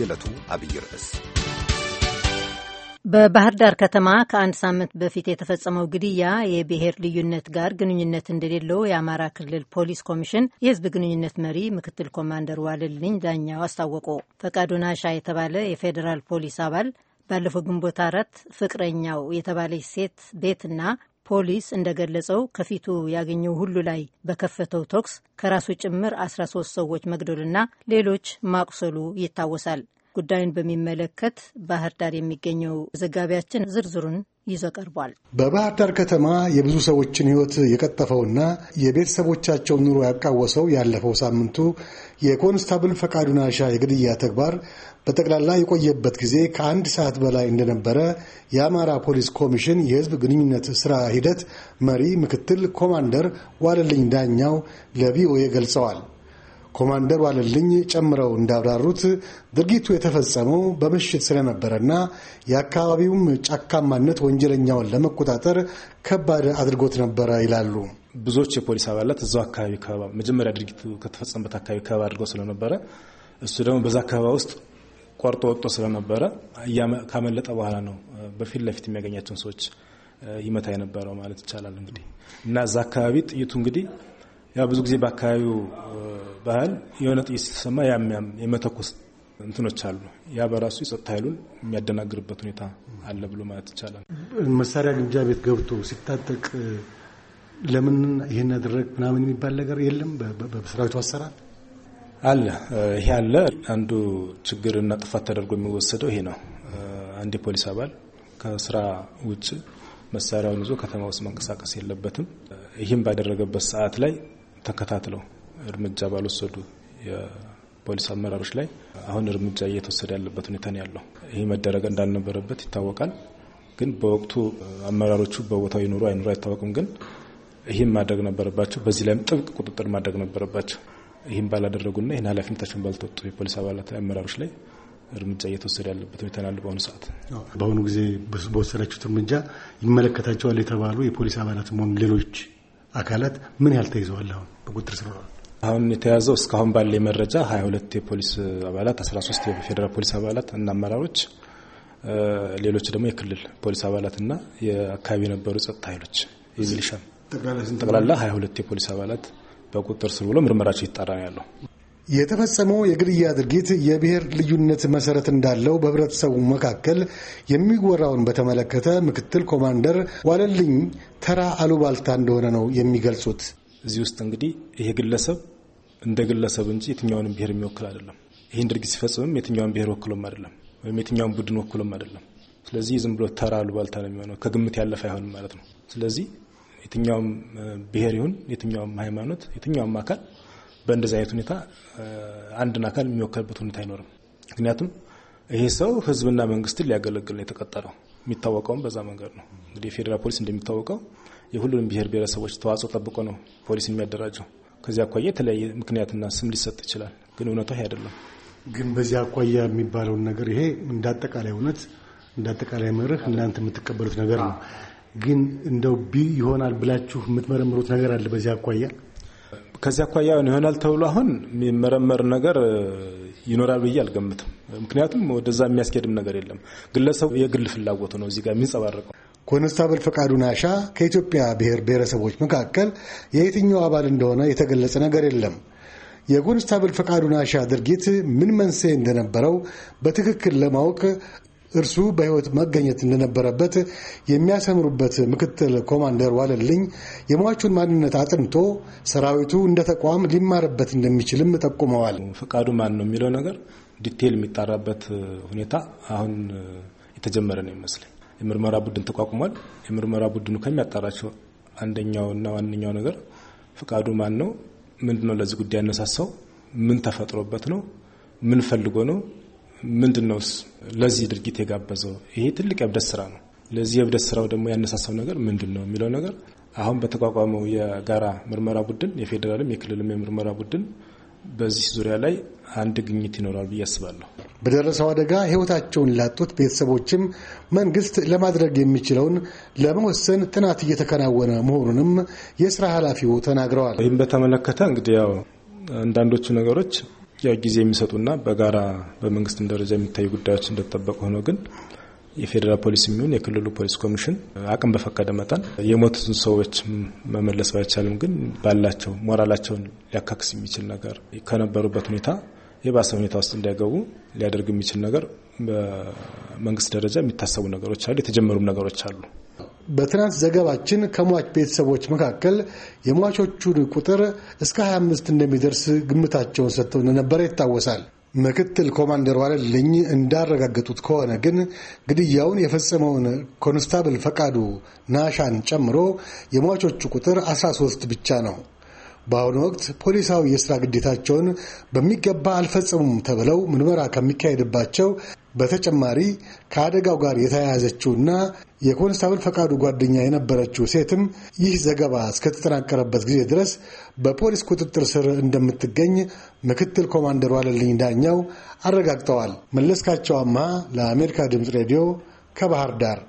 የዕለቱ አብይ ርዕስ በባህር ዳር ከተማ ከአንድ ሳምንት በፊት የተፈጸመው ግድያ የብሔር ልዩነት ጋር ግንኙነት እንደሌለው የአማራ ክልል ፖሊስ ኮሚሽን የሕዝብ ግንኙነት መሪ ምክትል ኮማንደር ዋለልኝ ዳኛው አስታወቁ። ፈቃዱ ናሻ የተባለ የፌዴራል ፖሊስ አባል ባለፈው ግንቦት አራት ፍቅረኛው የተባለች ሴት ቤትና ፖሊስ እንደገለጸው ከፊቱ ያገኘው ሁሉ ላይ በከፈተው ተኩስ ከራሱ ጭምር 13 ሰዎች መግደሉና ሌሎች ማቁሰሉ ይታወሳል። ጉዳዩን በሚመለከት ባህር ዳር የሚገኘው ዘጋቢያችን ዝርዝሩን ይዞ ቀርቧል። በባህር ዳር ከተማ የብዙ ሰዎችን ሕይወት የቀጠፈውና የቤተሰቦቻቸውን ኑሮ ያቃወሰው ያለፈው ሳምንቱ የኮንስታብል ፈቃዱ ናሻ የግድያ ተግባር በጠቅላላ የቆየበት ጊዜ ከአንድ ሰዓት በላይ እንደነበረ የአማራ ፖሊስ ኮሚሽን የሕዝብ ግንኙነት ስራ ሂደት መሪ ምክትል ኮማንደር ዋለልኝ ዳኛው ለቪኦኤ ገልጸዋል። ኮማንደር ዋለልኝ ጨምረው እንዳብራሩት ድርጊቱ የተፈጸመው በምሽት ስለነበረና የአካባቢውም ጫካማነት ወንጀለኛውን ለመቆጣጠር ከባድ አድርጎት ነበረ ይላሉ። ብዙዎች የፖሊስ አባላት እዛው አካባቢ ከበባ መጀመሪያ ድርጊቱ ከተፈጸመበት አካባቢ ከበባ አድርገው ስለነበረ እሱ ደግሞ በዛ አካባቢ ውስጥ ቆርጦ ወጥቶ ስለነበረ ካመለጠ በኋላ ነው በፊት ለፊት የሚያገኛቸውን ሰዎች ይመታ የነበረው ማለት ይቻላል። እንግዲህ እና እዛ አካባቢ ጥይቱ እንግዲህ ያው ብዙ ጊዜ በአካባቢው ባህል የሆነ ጥይት ሲሰማ የመተኮስ እንትኖች አሉ። ያ በራሱ የጸጥታ ኃይሉን የሚያደናግርበት ሁኔታ አለ ብሎ ማለት ይቻላል። መሳሪያ ግንጃ ቤት ገብቶ ሲታጠቅ ለምን ይህን ያደረግ ምናምን የሚባል ነገር የለም። በሰራዊቱ አሰራር አለ። ይሄ አለ። አንዱ ችግርና ጥፋት ተደርጎ የሚወሰደው ይሄ ነው። አንድ የፖሊስ አባል ከስራ ውጭ መሳሪያውን ይዞ ከተማ ውስጥ መንቀሳቀስ የለበትም። ይህም ባደረገበት ሰዓት ላይ ተከታትለው እርምጃ ባልወሰዱ የፖሊስ አመራሮች ላይ አሁን እርምጃ እየተወሰደ ያለበት ሁኔታ ነው ያለው። ይህ መደረግ እንዳልነበረበት ይታወቃል። ግን በወቅቱ አመራሮቹ በቦታው ይኖሩ አይኑሩ አይታወቅም። ግን ይህም ማድረግ ነበረባቸው። በዚህ ላይም ጥብቅ ቁጥጥር ማድረግ ነበረባቸው። ይህም ባላደረጉና ይህን ኃላፊነታቸውን ባልተወጡ የፖሊስ አባላት አመራሮች ላይ እርምጃ እየተወሰደ ያለበት ሁኔታ ያለ በአሁኑ ሰዓት በአሁኑ ጊዜ በወሰዳችሁት እርምጃ ይመለከታቸዋል የተባሉ የፖሊስ አባላት ሆኑ ሌሎች አካላት ምን ያህል ተይዘዋል? አሁን በቁጥር ስር ውለዋል? አሁን የተያዘው እስካሁን ባለ መረጃ 22 የፖሊስ አባላት፣ 13 የፌዴራል ፖሊስ አባላት እና አመራሮች፣ ሌሎች ደግሞ የክልል ፖሊስ አባላት እና የአካባቢ የነበሩ ጸጥታ ኃይሎች የሚሊሻ ጠቅላላ 22 የፖሊስ አባላት በቁጥጥር ስር ብሎ ምርመራቸው ይጣራ ነው ያለው። የተፈጸመው የግድያ ድርጊት የብሔር ልዩነት መሰረት እንዳለው በህብረተሰቡ መካከል የሚወራውን በተመለከተ ምክትል ኮማንደር ዋለልኝ ተራ አሉባልታ እንደሆነ ነው የሚገልጹት። እዚህ ውስጥ እንግዲህ ይሄ ግለሰብ እንደ ግለሰብ እንጂ የትኛውንም ብሔር የሚወክል አይደለም። ይህን ድርጊት ሲፈጽምም የትኛውን ብሔር ወክሎም አይደለም ወይም የትኛውን ቡድን ወክሎም አይደለም። ስለዚህ ዝም ብሎ ተራ አሉባልታ ነው የሚሆነው፣ ከግምት ያለፈ አይሆንም ማለት ነው። ስለዚህ የትኛውም ብሔር ይሁን የትኛውም ሃይማኖት፣ የትኛውም አካል በእንደዚህ አይነት ሁኔታ አንድን አካል የሚወከልበት ሁኔታ አይኖርም። ምክንያቱም ይሄ ሰው ህዝብና መንግስትን ሊያገለግል ነው የተቀጠረው። የሚታወቀውም በዛ መንገድ ነው። እንግዲህ የፌዴራል ፖሊስ እንደሚታወቀው የሁሉንም ብሔር ብሔረሰቦች ተዋጽኦ ጠብቆ ነው ፖሊስ የሚያደራጀው። ከዚህ አኳያ የተለያየ ምክንያትና ስም ሊሰጥ ይችላል። ግን እውነቱ አይደለም። ግን በዚህ አኳያ የሚባለውን ነገር ይሄ እንደ አጠቃላይ እውነት እንዳጠቃላይ መርህ እናንተ የምትቀበሉት ነገር ነው። ግን እንደው ቢ ይሆናል ብላችሁ የምትመረምሩት ነገር አለ በዚህ አኳያ ከዚህ አኳያ ይሆናል ተብሎ አሁን የሚመረመር ነገር ይኖራል ብዬ አልገምትም። ምክንያቱም ወደዛ የሚያስኬድም ነገር የለም። ግለሰቡ የግል ፍላጎቱ ነው እዚህ ጋር የሚንጸባረቀው። ኮንስታብል ፈቃዱ ናሻ ከኢትዮጵያ ብሔር ብሔረሰቦች መካከል የየትኛው አባል እንደሆነ የተገለጸ ነገር የለም። የኮንስታብል ፈቃዱ ናሻ ድርጊት ምን መንስኤ እንደነበረው በትክክል ለማወቅ እርሱ በሕይወት መገኘት እንደነበረበት የሚያሰምሩበት ምክትል ኮማንደር ዋለልኝ የሟቹን ማንነት አጥንቶ ሰራዊቱ እንደ ተቋም ሊማርበት እንደሚችልም ጠቁመዋል። ፈቃዱ ማን ነው የሚለው ነገር ዲቴል የሚጣራበት ሁኔታ አሁን የተጀመረ ነው ይመስለኝ። የምርመራ ቡድን ተቋቁሟል። የምርመራ ቡድኑ ከሚያጣራቸው አንደኛውና ዋነኛው ነገር ፍቃዱ ማን ነው? ምንድን ነው ለዚህ ጉዳይ ያነሳሳው? ምን ተፈጥሮበት ነው? ምን ፈልጎ ነው? ምንድን ነው ለዚህ ድርጊት የጋበዘው? ይሄ ትልቅ የእብደት ስራ ነው። ለዚህ የእብደት ስራው ደግሞ ያነሳሳው ነገር ምንድን ነው የሚለው ነገር አሁን በተቋቋመው የጋራ ምርመራ ቡድን የፌዴራልም የክልልም የምርመራ ቡድን በዚህ ዙሪያ ላይ አንድ ግኝት ይኖራል ብዬ አስባለሁ። በደረሰው አደጋ ሕይወታቸውን ላጡት ቤተሰቦችም መንግስት ለማድረግ የሚችለውን ለመወሰን ጥናት እየተከናወነ መሆኑንም የስራ ኃላፊው ተናግረዋል። ይህም በተመለከተ እንግዲህ ያው አንዳንዶቹ ነገሮች ያው ጊዜ የሚሰጡና በጋራ በመንግስትም ደረጃ የሚታዩ ጉዳዮች እንደተጠበቀ ሆኖ ግን የፌዴራል ፖሊስ የሚሆን የክልሉ ፖሊስ ኮሚሽን አቅም በፈቀደ መጠን የሞቱትን ሰዎች መመለስ ባይቻልም ግን ባላቸው ሞራላቸውን ሊያካክስ የሚችል ነገር ከነበሩበት ሁኔታ የባሰ ሁኔታ ውስጥ እንዳይገቡ ሊያደርግ የሚችል ነገር በመንግስት ደረጃ የሚታሰቡ ነገሮች አሉ፣ የተጀመሩም ነገሮች አሉ። በትናንት ዘገባችን ከሟች ቤተሰቦች መካከል የሟቾቹን ቁጥር እስከ 25 እንደሚደርስ ግምታቸውን ሰጥተው እንደነበረ ይታወሳል። ምክትል ኮማንደር ዋለልኝ እንዳረጋገጡት ከሆነ ግን ግድያውን የፈጸመውን ኮንስታብል ፈቃዱ ናሻን ጨምሮ የሟቾቹ ቁጥር 13 ብቻ ነው። በአሁኑ ወቅት ፖሊሳዊ የስራ ግዴታቸውን በሚገባ አልፈጸሙም ተብለው ምርመራ ከሚካሄድባቸው በተጨማሪ ከአደጋው ጋር የተያያዘችውና የኮንስታብል ፈቃዱ ጓደኛ የነበረችው ሴትም ይህ ዘገባ እስከተጠናቀረበት ጊዜ ድረስ በፖሊስ ቁጥጥር ስር እንደምትገኝ ምክትል ኮማንደሩ አለልኝ ዳኛው አረጋግጠዋል። መለስካቸው አምሃ ለአሜሪካ ድምፅ ሬዲዮ ከባህር ዳር